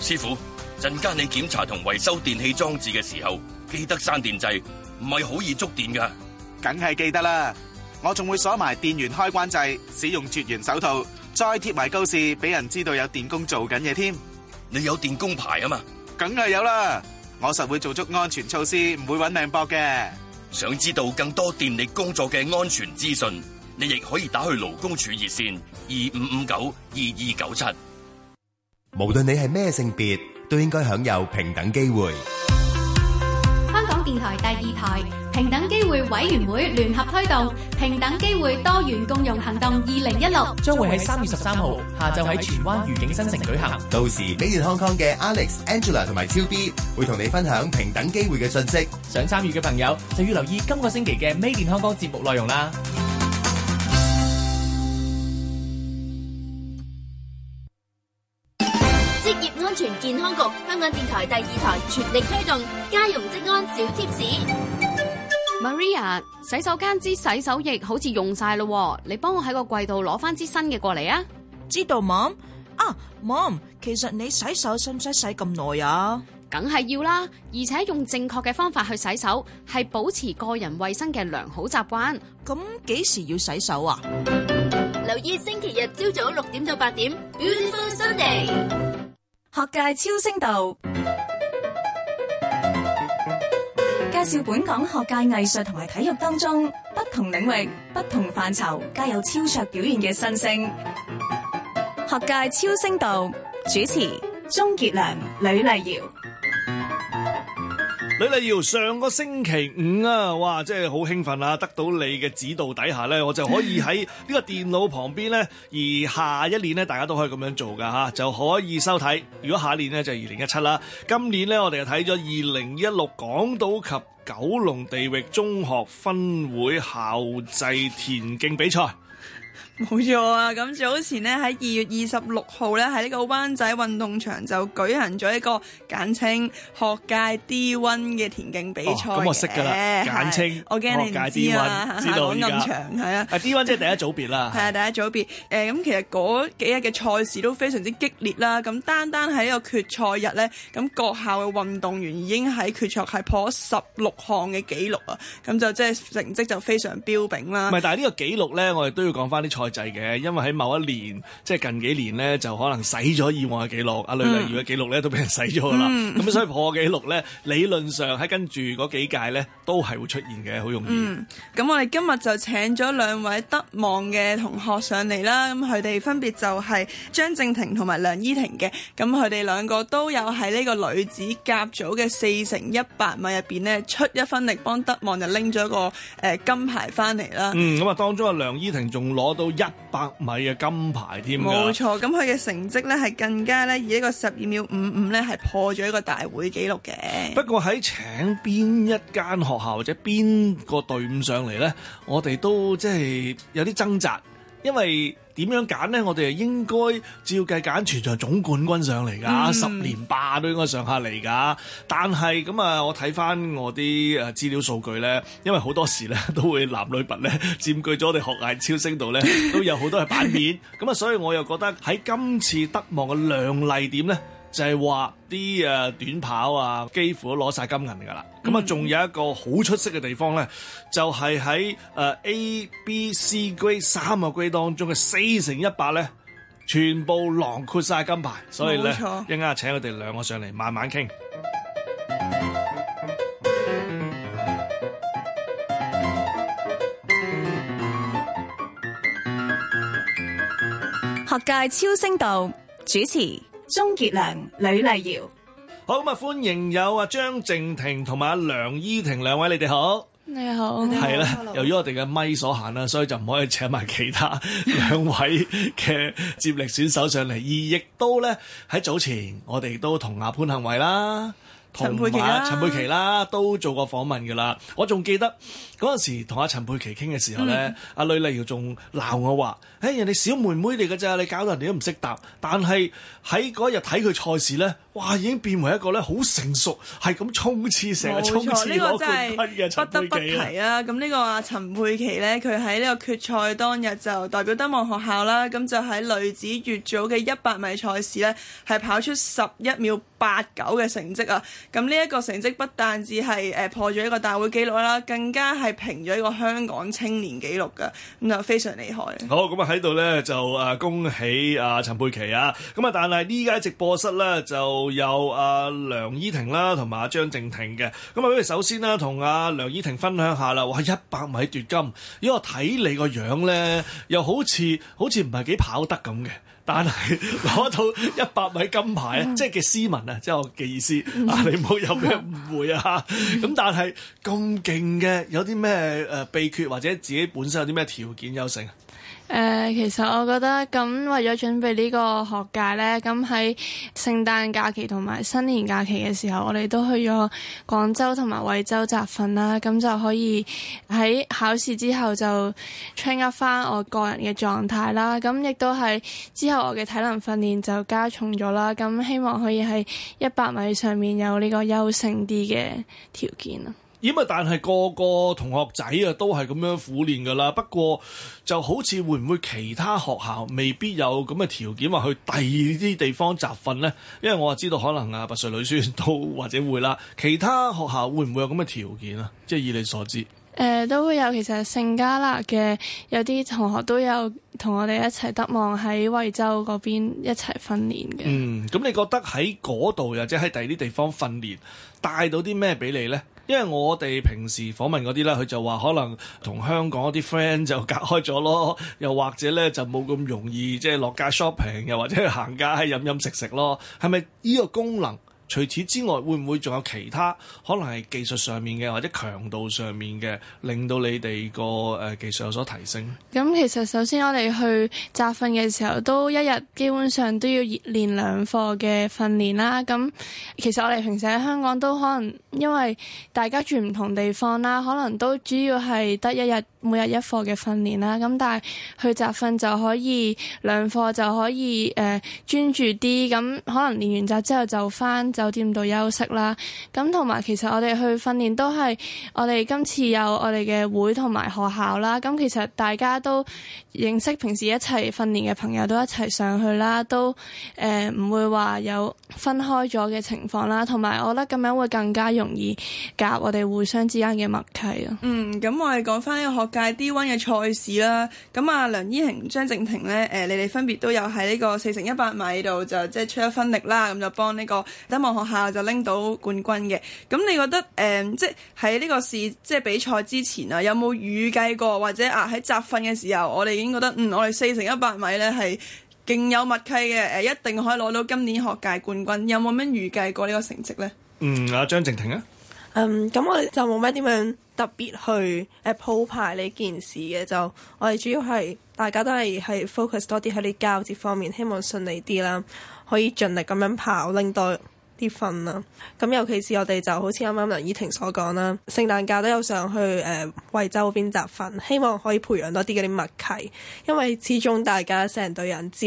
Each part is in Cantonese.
師傅，陣間你檢查同維修電器裝置嘅時候，記得閂電掣，唔係好易觸電噶。梗係記得啦，我仲會鎖埋電源開關掣，使用絕緣手套，再貼埋告示俾人知道有電工做緊嘢添。你有電工牌啊嘛？梗係有啦，我實會做足安全措施，唔會揾命搏嘅。想知道更多電力工作嘅安全資訊，你亦可以打去勞工處熱線二五五九二二九七。無論你係咩性別，都應該享有平等機會。香港電台第二台平等機會委員會聯合推動平等機會多元共融行動二零一六，將會喺三月十三號下晝喺荃灣愉景新城舉行。到時，Made in Hong Kong 嘅 Alex、Angela 同埋超 B 會同你分享平等機會嘅信息。想參與嘅朋友就要留意今個星期嘅 Made in Hong Kong 節目內容啦。全健康局，香港電台第二台，全力推動家用職安小貼士。Maria，洗手間支洗手液好似用晒咯，你幫我喺個櫃度攞翻支新嘅過嚟啊！知道，mom 啊，mom，其實你洗手使唔使洗咁耐啊？梗係要啦，而且用正確嘅方法去洗手，係保持個人衛生嘅良好習慣。咁幾時要洗手啊？留意星期日朝早六點到八點。Beautiful Sunday。學界超聲道介紹本港學界藝術同埋體育，當中不同領域、不同範疇皆有超卓表現嘅新星。學界超聲道主持：鍾杰良、呂麗瑤。你呂麗瑤，上個星期五啊，哇，即係好興奮啊！得到你嘅指導底下呢，我就可以喺呢個電腦旁邊呢。而下一年呢，大家都可以咁樣做㗎嚇，就可以收睇。如果下一年呢，就二零一七啦，今年呢，我哋就睇咗二零一六港島及九龍地域中學分會校際田徑比賽。冇錯啊！咁早前呢，喺二月二十六號咧，喺呢個灣仔運動場就舉行咗一個簡稱學界 D1 嘅田徑比賽。咁、哦、我識㗎啦，簡稱。我驚你唔知啊？知道。學界 D1，香港咁長，係啊。D1 即係第一組別啦。係 啊，第一組別。誒、欸、咁其實嗰幾日嘅賽事都非常之激烈啦。咁單單喺呢個決賽日咧，咁各校嘅運動員已經喺決賽係破咗十六項嘅紀錄啊！咁就即係、就是、成績就非常彪炳啦。唔係，但係呢個紀錄咧，我哋都要講翻啲賽事。制嘅，因為喺某一年，即係近幾年咧，就可能洗咗以往嘅記錄，阿呂麗瑤嘅記錄咧都俾人洗咗啦。咁、嗯、所以破記錄咧，理論上喺跟住嗰幾屆咧，都係會出現嘅，好容易。咁、嗯、我哋今日就請咗兩位德望嘅同學上嚟啦。咁佢哋分別就係張靜庭同埋梁依婷嘅。咁佢哋兩個都有喺呢個女子甲組嘅四乘一百米入邊呢，出一分力幫德望就拎咗一個金牌翻嚟啦。嗯，咁啊，當中阿梁依婷仲攞到。一百米嘅金牌添，冇錯。咁佢嘅成績咧係更加咧以一個十二秒五五咧係破咗一個大會紀錄嘅。不過喺請邊一間學校或者邊個隊伍上嚟咧，我哋都即係有啲掙扎。因為點樣揀呢？我哋係應該照計揀全場總冠軍上嚟㗎，嗯、十年霸都應該上下嚟㗎。但係咁啊，我睇翻我啲誒資料數據呢，因為好多時呢都會男女拔呢佔據咗我哋學界超新星度呢，都有好多嘅版面。咁啊，所以我又覺得喺今次德望嘅亮麗點呢。就係話啲誒短跑啊，幾乎都攞晒金銀㗎啦。咁啊、嗯，仲有一個好出色嘅地方咧，就係喺誒 A、B、C Grade 三個 Grade 當中嘅四乘一百咧，全部囊括晒金牌。所以咧，冇錯。一陣間請佢哋兩個上嚟慢慢傾。學界超聲道主持鍾傑良、呂麗瑤，好咁啊！歡迎有啊張靜庭同埋阿梁依婷兩位，你哋好，你好，係啦的。好由於我哋嘅咪所限啦，所以就唔可以請埋其他兩位嘅接力選手上嚟， 而亦都咧喺早前，我哋都同阿潘行偉啦。陳佩琪啦，陳佩琪啦，都做過訪問㗎喇。我仲記得嗰陣時同阿陳佩琪傾嘅時候咧，嗯、阿呂麗瑤仲鬧我話：誒、欸、人哋小妹妹嚟㗎咋，你搞到人哋都唔識答。但係喺嗰日睇佢賽事咧。哇！已經變為一個咧，好成熟，係咁衝刺成日衝刺攞冠軍嘅陳佩琪，冇錯，呢個真係不得不提啊！咁呢 個啊陳佩琪呢，佢喺呢個決賽當日就代表德望學校啦，咁就喺女子乙組嘅一百米賽事呢，係跑出十一秒八九嘅成績啊！咁呢一個成績不但止係誒破咗一個大會紀錄啦，更加係平咗一個香港青年紀錄噶，咁就非常厲害。好咁啊，喺度呢，就誒恭喜啊陳佩琪啊！咁啊，但係呢家直播室呢，就。又阿、啊、梁依婷啦，同埋阿張靜庭嘅咁啊，不、啊、如首先啦，同、啊、阿、啊、梁依婷分享下啦。哇，一百米奪金，如果我睇你個樣咧，又好似好似唔係幾跑得咁嘅，但係攞到一百米金牌， 即係嘅斯文啊，即係我嘅意思啊， 你唔好有咩誤會啊。咁 但係咁勁嘅，有啲咩誒秘訣或者自己本身有啲咩條件優勝？誒，uh, 其實我覺得咁、嗯，為咗準備呢個學界，呢咁喺聖誕假期同埋新年假期嘅時候，我哋都去咗廣州同埋惠州集訓啦，咁、嗯、就可以喺考試之後就 train up 翻我個人嘅狀態啦。咁、嗯、亦都係之後我嘅體能訓練就加重咗啦。咁、嗯、希望可以喺一百米上面有呢個優勝啲嘅條件。咦？咪但係個個同學仔啊，都係咁樣苦練噶啦。不過就好似會唔會其他學校未必有咁嘅條件，話去第二啲地方集訓呢？因為我話知道可能啊，拔萃女書院都或者會啦。其他學校會唔會有咁嘅條件啊？即係以你所知，誒、呃、都會有。其實聖嘉勒嘅有啲同學都有同我哋一齊德望喺惠州嗰邊一齊訓練嘅。嗯，咁你覺得喺嗰度，或者喺第二啲地方訓練，帶到啲咩俾你呢？因為我哋平時訪問嗰啲咧，佢就話可能同香港啲 friend 就隔開咗咯，又或者咧就冇咁容易即係落街 shopping，又或者行街飲飲食食咯，係咪依個功能？除此之外，會唔會仲有其他可能係技術上面嘅，或者強度上面嘅，令到你哋個誒技術有所提升？咁其實首先我哋去集訓嘅時候，都一日基本上都要熱練兩課嘅訓練啦。咁其實我哋平時喺香港都可能因為大家住唔同地方啦，可能都主要係得一日。每日一課嘅訓練啦，咁但係去集訓就可以兩課就可以誒、呃、專注啲，咁可能練完習之後就翻酒店度休息啦。咁同埋其實我哋去訓練都係我哋今次有我哋嘅會同埋學校啦。咁、啊啊、其實大家都認識平時一齊訓練嘅朋友都一齊上去啦，都誒唔會話有分開咗嘅情況啦。同、啊、埋我覺得咁樣會更加容易夾我哋互相之間嘅默契咯。嗯，咁我哋講翻呢個學界 D1 嘅賽事啦，咁啊梁依婷、張靜庭呢，誒、呃、你哋分別都有喺呢個四乘一百米度就即係出一分力啦，咁就幫呢個德望學校就拎到冠軍嘅。咁你覺得誒、呃，即係喺呢個試即係比賽之前啊，有冇預計過或者啊喺集訓嘅時候，我哋已經覺得嗯、呃、我哋四乘一百米呢係勁有默契嘅，誒、呃、一定可以攞到今年學界冠軍。有冇咩預計過呢個成績呢？嗯，阿、啊、張靜庭啊。嗯，咁我哋就冇乜點樣特別去誒鋪排呢件事嘅，就我哋主要係大家都係係 focus 多啲喺啲交接方面，希望順利啲啦，可以盡力咁樣跑拎多啲分啦。咁、嗯、尤其是我哋就，就好似啱啱梁依婷所講啦，聖誕假都有想去誒惠、呃、州嗰邊集訓，希望可以培養多啲嗰啲默契，因為始終大家成隊人招，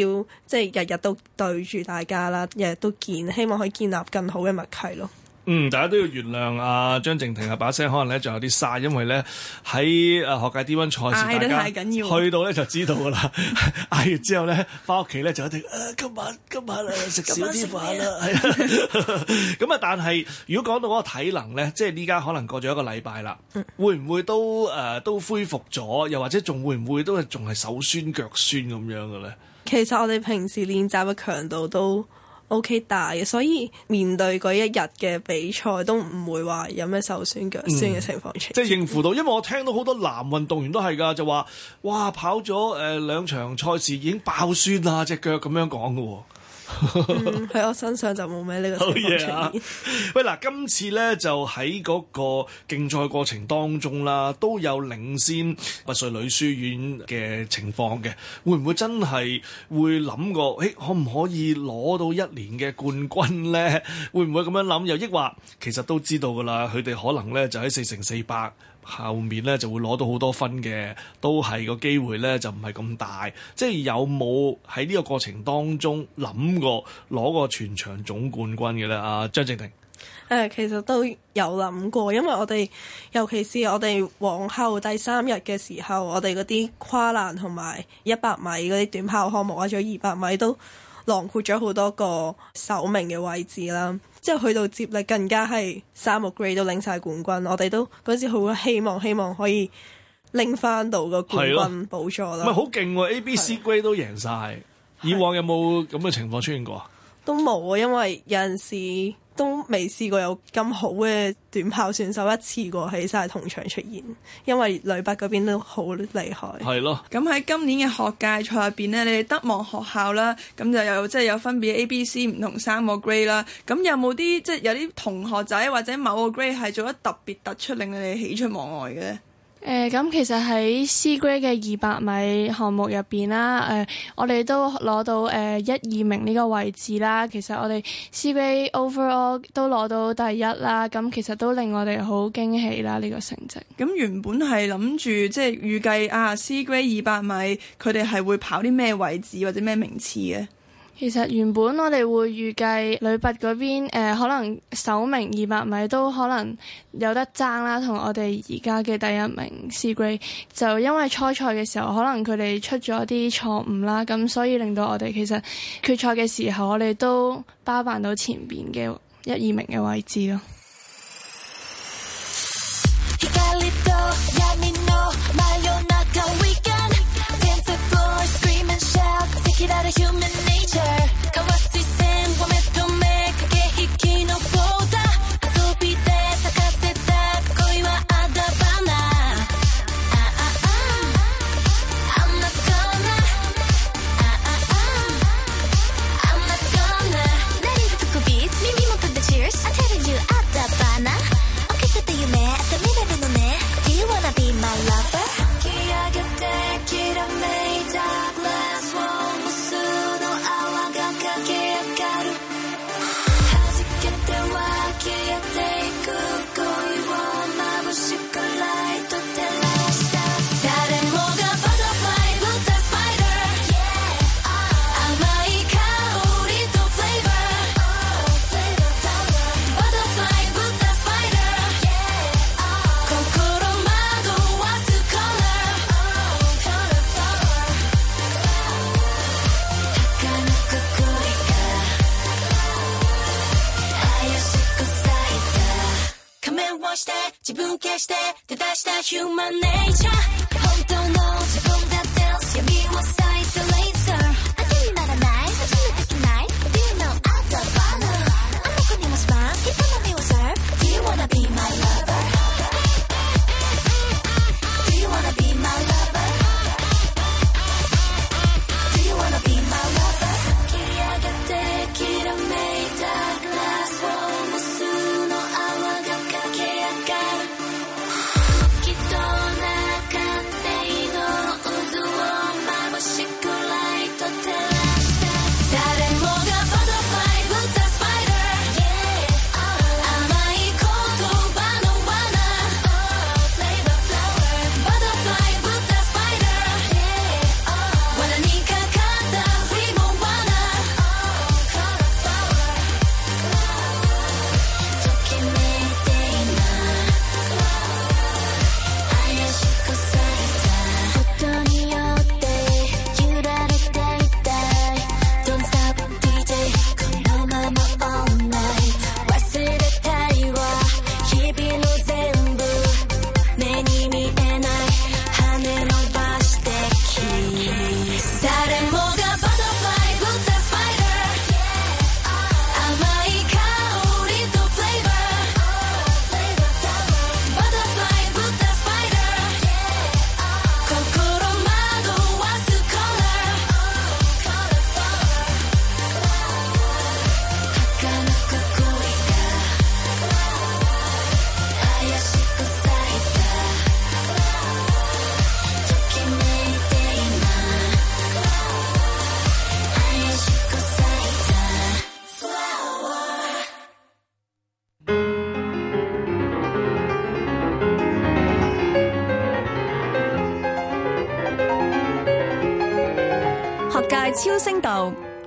即係日日都對住大家啦，日日都見，希望可以建立更好嘅默契咯。嗯，大家都要原諒啊，張靜庭阿把聲，可能咧仲有啲沙，因為咧喺誒學界 D1 賽事，太緊要。去到咧就知道噶啦。嗌 完之後咧，翻屋企咧就一定、啊、今晚今晚誒食少啲飯啦。係咁啊！啊啊 但係如果講到嗰個體能咧，即係而家可能過咗一個禮拜啦， 會唔會都誒、呃、都恢復咗？又或者仲會唔會都係仲係手酸腳酸咁樣嘅咧？其實我哋平時練習嘅強度都。O.K. 大嘅，所以面對嗰一日嘅比賽都唔會話有咩手酸腳、嗯、酸嘅情況出，即係應付到， 因為我聽到好多男運動員都係噶，就話哇跑咗誒、呃、兩場賽事已經爆酸啦，隻腳咁樣講噶喎。喺、 嗯、我身上就冇咩呢個好嘢喂，嗱，oh, yeah. 今次咧就喺嗰個競賽過程當中啦，都有領先拔萃女書院嘅情況嘅，會唔會真係會諗過？誒、欸，可唔可以攞到一年嘅冠軍咧？會唔會咁樣諗？又抑或其實都知道噶啦，佢哋可能咧就喺四乘四百。後面咧就會攞到好多分嘅，都係個機會咧就唔係咁大。即係有冇喺呢個過程當中諗過攞個全場總冠軍嘅咧？啊，張靜庭，誒、呃、其實都有諗過，因為我哋尤其是我哋往後第三日嘅時候，我哋嗰啲跨欄同埋一百米嗰啲短跑項目，或者二百米都囊括咗好多個首名嘅位置啦。即係去到接力更加係三個 grade 都拎晒冠軍，我哋都嗰時好希望希望可以拎翻到個冠軍寶座咯。唔係好勁，ABC grade 都贏晒。的以往有冇咁嘅情況出現過啊？都冇，因為有陣時。都未試過有咁好嘅短跑選手一次過喺晒同場出現，因為女拔嗰邊都好厲害。係咯的，咁喺今年嘅學界賽入邊咧，你哋德望學校啦，咁就有即係、就是、有分別 A、B、C 唔同三個 grade 啦。咁有冇啲即係有啲、就是、同學仔或者某個 grade 係做得特別突出，令你哋喜出望外嘅咧？誒，咁、呃、其實喺 C Grade 嘅二百米項目入邊啦，誒、呃，我哋都攞到誒一二名呢個位置啦。其實我哋 C Grade overall 都攞到第一啦，咁其實都令我哋好驚喜啦呢、這個成績。咁、嗯、原本係諗住即係預計啊，C Grade 二百米佢哋係會跑啲咩位置或者咩名次嘅？其實原本我哋會預計女拔嗰邊誒，可能首名二百米都可能有得爭啦，同我哋而家嘅第一名，C grade 就因為初賽嘅時候可能佢哋出咗啲錯誤啦，咁所以令到我哋其實決賽嘅時候我哋都包辦到前邊嘅一二名嘅位置咯。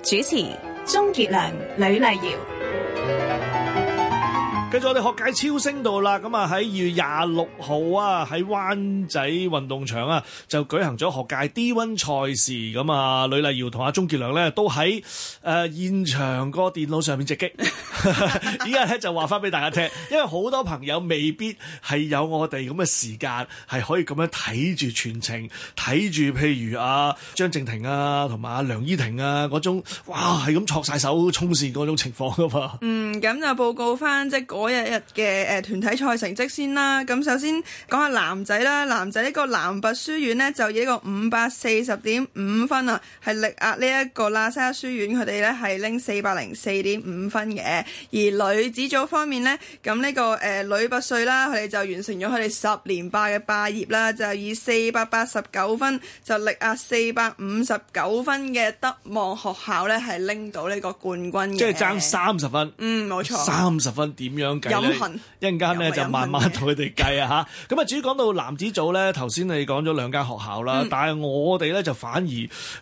主持：鍾傑良、呂麗瑤。喺我哋學界超聲度啦，咁啊喺二月廿六號啊喺灣仔運動場啊就舉行咗學界 D1 賽事，咁啊呂麗瑤同阿鍾傑良咧都喺誒現場個電腦上面直擊，依家咧就話翻俾大家聽，因為好多朋友未必係有我哋咁嘅時間，係可以咁樣睇住全程，睇住譬如啊張靜庭啊同埋阿梁依婷啊嗰種，哇係咁戳晒手衝線嗰種情況噶嘛。嗯，咁就報告翻即一日嘅誒團體賽成績先啦，咁首先講下男仔啦，男仔呢個男拔書院咧就以呢個五百四十點五分啊，係力壓呢一個喇沙書院，佢哋咧係拎四百零四點五分嘅。而女子組方面咧，咁呢、這個誒、呃、女拔萃啦，佢哋就完成咗佢哋十連霸嘅霸業啦，就以四百八十九分就力壓四百五十九分嘅德望學校咧，係拎到呢個冠軍。即係爭三十分，嗯，冇錯，三十分點樣？飲恨，一陣間咧，就慢慢同佢哋計啊吓，咁啊，至於講到男子組咧，頭先你講咗兩間學校啦，但係我哋咧就反而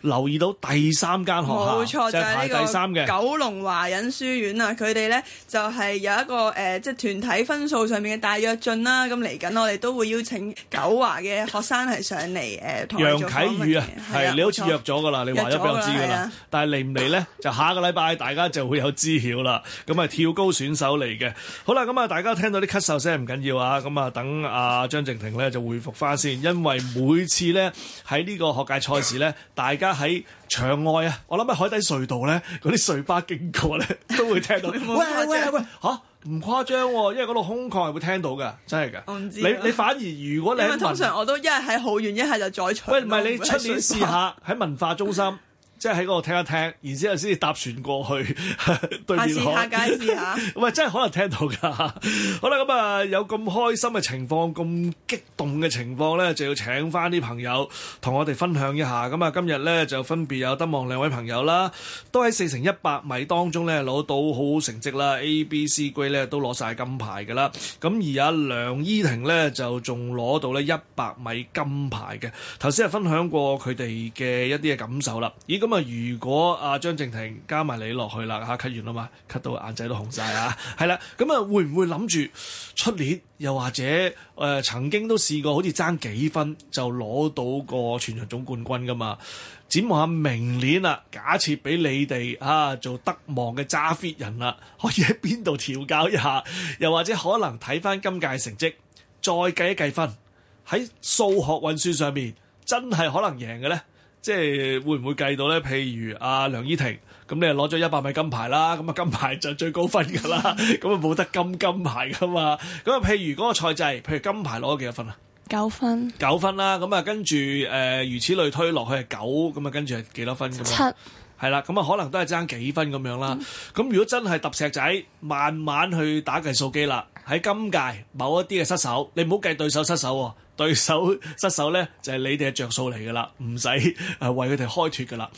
留意到第三間學校，冇錯，就係呢個第三嘅九龍華仁書院啊。佢哋咧就係有一個誒，即係團體分數上面嘅大躍進啦。咁嚟緊，我哋都會邀請九華嘅學生係上嚟同，楊啟宇啊，係你好似約咗㗎啦，你話咗俾我知㗎啦。但係嚟唔嚟呢，就下個禮拜大家就會有知曉啦。咁啊，跳高選手嚟嘅。好啦，咁啊，大家聽到啲咳嗽聲唔緊要啊，咁啊，等阿、啊、張靜庭咧就回覆返先，因為每次咧喺呢個學界賽事咧，大家喺場外啊，我諗喺海底隧道咧嗰啲隧巴經過咧，都會聽到。喂喂喂，吓？唔誇張喎、啊，因為嗰度空曠係會聽到㗎，真係㗎。我唔知。你你反而如果你通常我都一係喺好遠，一係就再嘈。喂，唔係你出面試下喺 文化中心。 即係喺度聽一聽，然之後先搭船過去 對面，面海。下次下屆試下。唔係真係可能聽到㗎。 好啦，咁、嗯、啊有咁開心嘅情況，咁 激動嘅情況咧，就要請翻啲朋友同我哋分享一下。咁、嗯、啊，今日咧就分別有德望兩位朋友啦，都喺四乘一百米當中咧攞到好好成績啦。A B、B、C、G 咧都攞曬金牌㗎啦。咁而阿、啊、梁依婷咧就仲攞到咧一百米金牌嘅。頭先係分享過佢哋嘅一啲嘅感受啦。咦？咁啊！如果阿張靜庭加埋你落去啦，吓、啊、喊完啦嘛，喊到眼仔都紅晒 啊！係啦，咁啊，會唔會諗住出年又或者誒、呃，曾經都試過好似爭幾分就攞到個全場總冠軍噶嘛？展望下明年假啊假設俾你哋啊做德望嘅揸 fit 人啦，可以喺邊度調教一下？又或者可能睇翻今屆成績，再計一計分喺數學運算上面，真係可能贏嘅咧？即係會唔會計到咧？譬如阿梁依婷咁，你係攞咗一百米金牌啦，咁啊金牌就最高分噶啦，咁啊冇得金金牌噶嘛。咁啊，譬如嗰、嗰個賽制，譬如金牌攞咗幾多分啊？九分，九分啦。咁啊，跟住誒，如此類推落去係九，咁啊跟住係幾多分咁樣？七，係啦。咁啊，可能都係爭幾分咁樣啦。咁、嗯、如果真係揼石仔，慢慢去打計數機啦。喺今屆某一啲嘅失手，你唔好計對手失手喎、啊。對手失手呢，就係、是、你哋嘅着數嚟㗎啦，唔使誒為佢哋開脫㗎啦。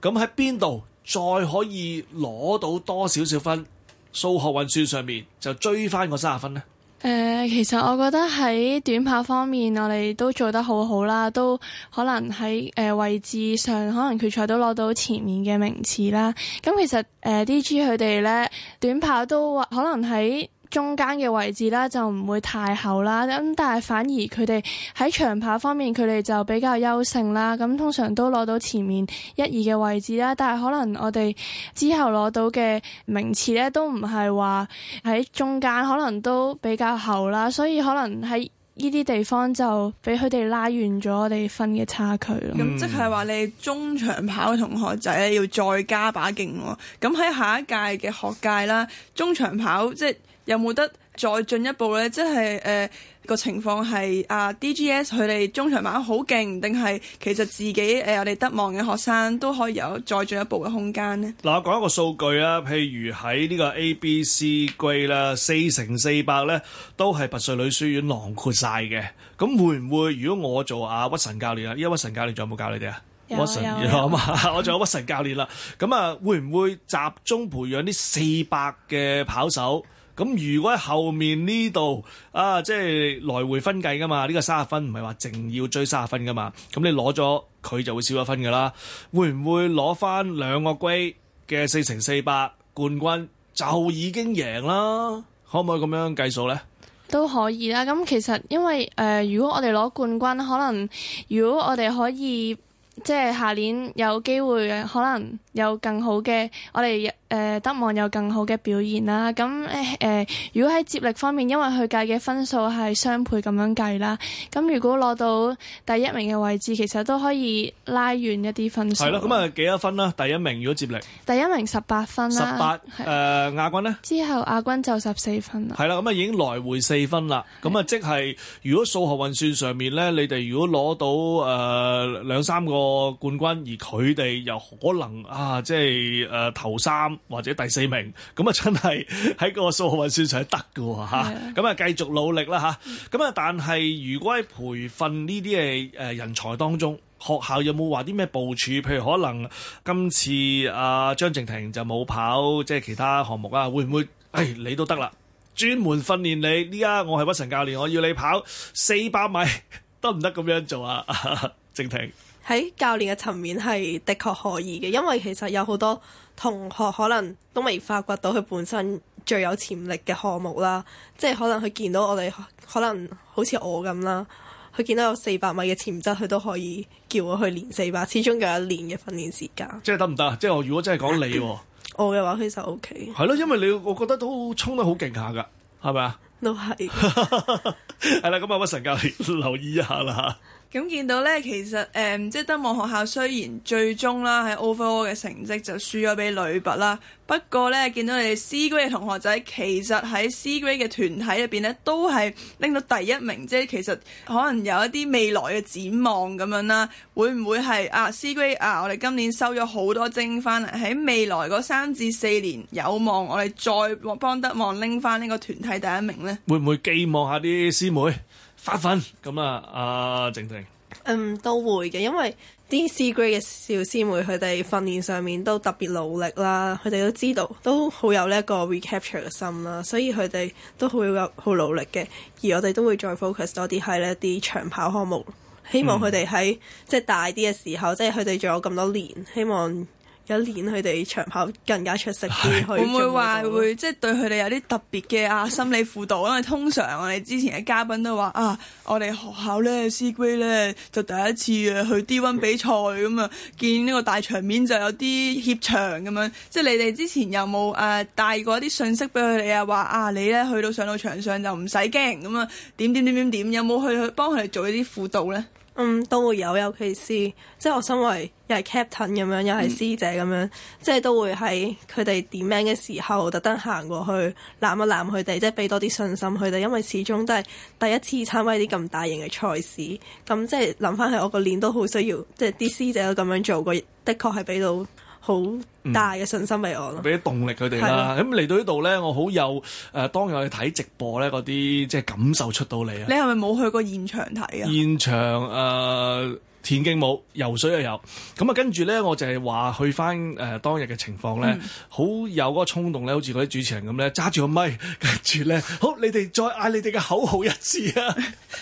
咁喺邊度再可以攞到多少少分？數學運算上面就追翻個三十分呢誒、呃，其實我覺得喺短跑方面，我哋都做得好好啦，都可能喺誒位置上，可能決賽都攞到前面嘅名次啦。咁其實誒、呃、DG 佢哋呢，短跑都可能喺。中間嘅位置啦，就唔會太後啦。咁但係反而佢哋喺長跑方面，佢哋就比較優勝啦。咁通常都攞到前面一二嘅位置啦。但係可能我哋之後攞到嘅名次咧，都唔係話喺中間，可能都比較後啦。所以可能喺呢啲地方就俾佢哋拉遠咗我哋分嘅差距咯。咁即係話你中長跑嘅同學仔要再加把勁喎、喔。咁喺下一屆嘅學界啦，中長跑即係。有冇得再進一步咧？即係誒、呃、個情況係啊，D G S 佢哋中場跑好勁，定係其實自己誒、呃、我哋德望嘅學生都可以有再進一步嘅空間呢？嗱、呃，我講一個數據啦，譬如喺呢個 A B C grade 啦，四乘四百咧都係拔萃女書院囊括晒嘅。咁會唔會如果我做阿、啊、屈臣教練啦？呢家屈臣教練仲有冇教你哋啊有臣？有啊嘛，有 我做屈臣教練啦。咁啊，會唔會集中培養呢四百嘅跑手？咁如果喺後面呢度啊，即係來回分計㗎嘛，呢、這個三十分唔係話淨要追三十分㗎嘛。咁你攞咗佢就會少一分㗎啦。會唔會攞返兩個季嘅四乘四百冠軍就已經贏啦？可唔可以咁樣計數呢？都可以啦。咁其實因為誒、呃，如果我哋攞冠軍，可能如果我哋可以即係下年有機會，可能有更好嘅我哋。誒德望有更好嘅表現啦，咁誒誒，如果喺接力方面，因為佢計嘅分數係雙倍咁樣計啦，咁如果攞到第一名嘅位置，其實都可以拉遠一啲分數。係咯，咁啊幾多分啦？第一名如果接力？第一名十八分啦、啊。十八，係啦，誒亞軍呢？之後亞軍就十四分啦。係啦，咁啊已經來回四分啦，咁啊係，即係如果數學運算上面呢，你哋如果攞到誒兩三個冠軍，而佢哋又可能啊，即係誒頭三。或者第四名咁啊，嗯、真係喺個數學運算上係得嘅吓。咁啊的，繼續努力啦吓。咁啊、嗯，但係如果喺培訓呢啲嘅誒人才當中，學校有冇話啲咩部署？譬如可能今次阿張靜庭就冇跑，即係其他項目啊，會唔會誒你都得啦？專門訓練你。呢家我係屈臣教練，我要你跑四百米得唔得？咁樣做啊？靜庭喺教練嘅層面係的確可以嘅，因為其實有好多。同學可能都未發掘到佢本身最有潛力嘅項目啦，即係可能佢見到我哋可能好似我咁啦，佢見到有四百米嘅潛質，佢都可以叫我去練四百，始終有一年嘅訓練時間。即係得唔得啊？即係我如果真係講你喎，嗯，我嘅話其實 OK。係咯，因為你我覺得都衝得好勁下噶，係咪啊？都係。係啦，咁啊 w 神教練留意一下啦。咁見到咧，其實誒、嗯，即德望學校雖然最終啦喺 Overall 嘅成績就輸咗俾女拔啦，不過咧見到你哋 C grade 嘅同學仔，其實喺 C grade 嘅團體裏邊咧，都係拎到第一名，即其實可能有一啲未來嘅展望咁樣啦。會唔會係啊 C grade 啊？我哋今年收咗好多精翻啦，喺未來嗰三至四年有望我哋再幫德望拎翻呢個團體第一名咧？會唔會寄望下啲師妹？發奮，咁啊！阿靜靜，嗯，都會嘅，因為 DC grade 嘅小師妹佢哋訓練上面都特別努力啦，佢哋都知道都好有呢一個 recapture 嘅心啦，所以佢哋都好有好努力嘅，而我哋都會再 focus 多啲喺呢一啲長跑項目，希望佢哋喺即係大啲嘅時候，即係佢哋仲有咁多年，希望。有年佢哋長跑更加出色啲，的會唔會話會即係、就是、對佢哋有啲特別嘅啊心理輔導？因為通常我哋之前嘅嘉賓都話啊，我哋學校咧 C grade 咧就第一次去 D1 比賽咁啊，見呢個大場面就有啲怯場咁樣。即係你哋之前有冇誒、啊、帶過一啲信息俾佢哋啊？話啊你咧去到上到場上就唔使驚咁啊，點點點點點有冇去去幫佢哋做一啲輔導咧？嗯，都會有，尤其是即係我身為又係 captain 咁樣，又係師姐咁樣，即係都會喺佢哋點名嘅時候，特登行過去攬一攬佢哋，即係俾多啲信心佢哋，因為始終都係第一次參加啲咁大型嘅賽事，咁即係諗翻起我個年都好需要，即係啲師姐都咁樣做過，個的確係俾到，好大嘅信心俾我咯，俾啲、嗯、動力佢哋啦。咁嚟的到呢度咧，我好有誒、呃，當日去睇直播咧，嗰啲即係感受出到嚟啊！你係咪冇去過現場睇啊？現場誒。呃田徑冇，游水又有。咁啊跟住咧，我就係話去翻誒、呃、當日嘅情況咧，好、嗯、有嗰個衝動咧，好似嗰啲主持人咁咧，揸住個咪，跟住咧，好你哋再嗌你哋嘅口號一次啊！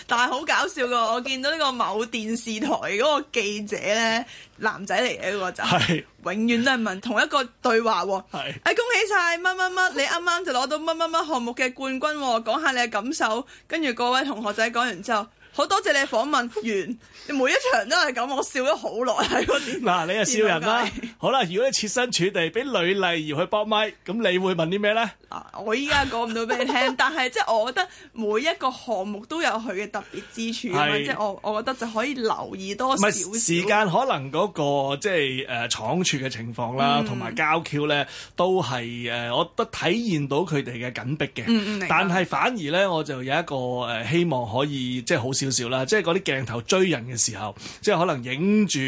但係好搞笑嘅，我見到呢個某電視台嗰個記者咧，男仔嚟嘅嗰個就係、是、是永遠都係問同一個對話喎。係是、欸，恭喜晒乜乜乜，你啱啱就攞到乜乜乜項目嘅冠軍喎，講下你嘅感受，跟住各位同學仔講完之後。好多謝你訪問完，每一場都係咁，我笑咗好耐喺嗱，你啊笑人啦、啊。 好啦，如果你設身處地俾呂麗瑤去搏咪，咁你會問啲咩咧？嗱，我依家講唔到俾你聽， 但係即係我覺得每一個項目都有佢嘅特別之處，是即係我我覺得就可以留意多少少。時間可能嗰、嗰個即係誒搶奪嘅情況啦，同埋、嗯、交 Q 咧都係誒、呃，我都得體現到佢哋嘅緊迫嘅。嗯、但係反而咧，而我就有一個誒希望可以即係好少。少啦，即係嗰啲鏡頭追人嘅時候，即係可能影住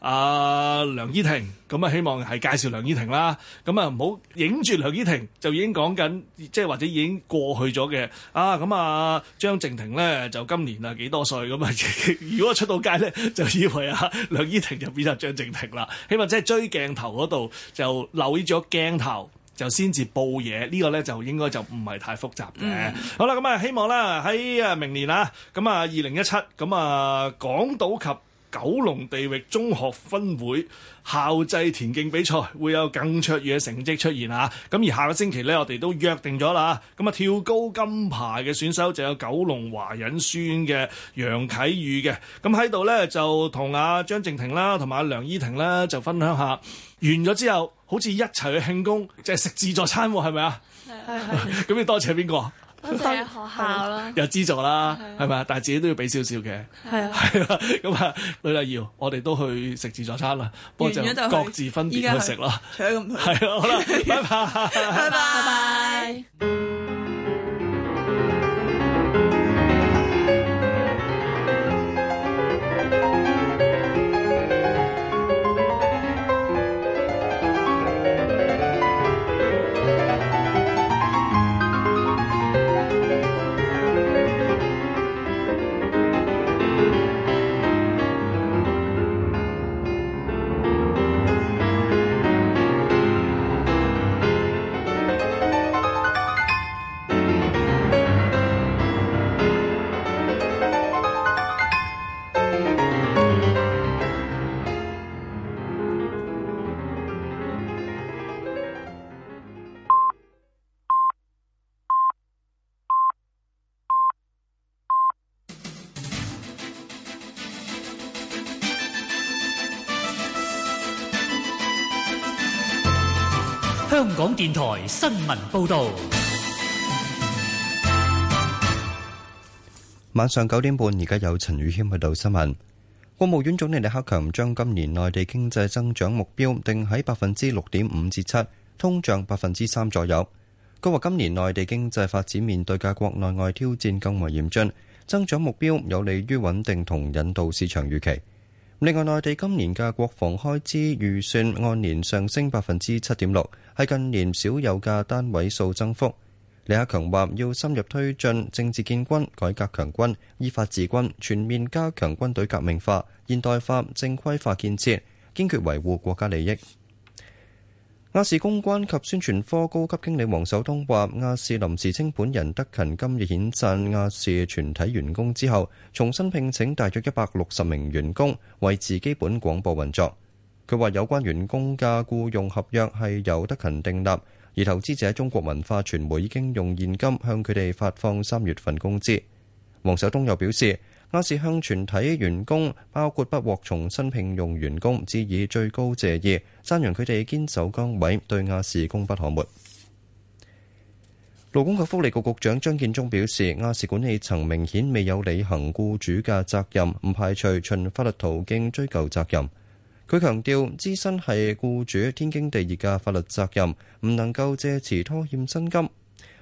阿梁依婷咁啊，希望係介紹梁依婷啦。咁啊，唔好影住梁依婷就已經講緊，即係或者已經過去咗嘅啊。咁啊，張靜庭咧就今年啊幾多歲咁啊？如果出到街咧，就以為啊，梁依婷就變咗張靜庭啦。希望即係追鏡頭嗰度就留意咗鏡頭。這個、就先至報嘢，呢個呢，就應該就唔係太複雜嘅。嗯、好啦，咁啊，希望啦喺啊明年啊，咁啊二零一七，咁啊港島及九龍地域中學分會校際田徑比賽會有更卓越嘅成績出現啊！咁而下個星期呢，我哋都約定咗啦，咁啊跳高金牌嘅選手就有九龍華仁書院嘅楊啟宇嘅，咁喺度呢，就同阿張靜庭啦，同埋梁依婷啦，就分享下完咗之後。好似一齊去慶功，即係食自助餐喎，係咪啊？係啊，咁要多謝邊個？多謝學校啦，有資助啦，係咪啊？但係自己都要俾少少嘅，係啊，係啊。咁啊，呂麗瑤，我哋都去食自助餐啦，完咗就各自分別去食咯，係啊，好啦，拜拜，拜拜。電台新聞報道。晚上九點半，而家有陳宇謙報道新聞。國務院總理李克強將今年內地經濟增長目標定喺百分之六點五至七，通脹百分之三左右。佢話今年內地經濟發展面對嘅國內外挑戰更為嚴峻，增長目標有利於穩定同引導市場預期。另外，內地今年嘅國防開支預算按年上升百分之七點六，係近年少有嘅單位數增幅。李克強話：要深入推進政治建軍、改革強軍、依法治軍，全面加強軍隊革命化、現代化、正規化建設，堅決維護國家利益。亞視公關及宣傳科高級經理黃守東話：亞視臨時清盤人德勤今日遣散亞視全體員工之後，重新聘請大約一百六十名員工維持基本廣播運作。佢話有關員工嘅雇用合約係由德勤訂立，而投資者中國文化傳媒已經用現金向佢哋發放三月份工資。黃守東又表示。亞視向全體員工，包括不獲重新聘用員工致以最高謝意，讚揚佢哋堅守崗位，對亞視功不可沒。勞工及福利局局長張建宗表示，亞視管理層明顯未有履行雇主嘅責任，唔排除循法律途徑追究責任。佢強調，支薪係雇主天經地義嘅法律責任，唔能夠借詞拖欠薪金。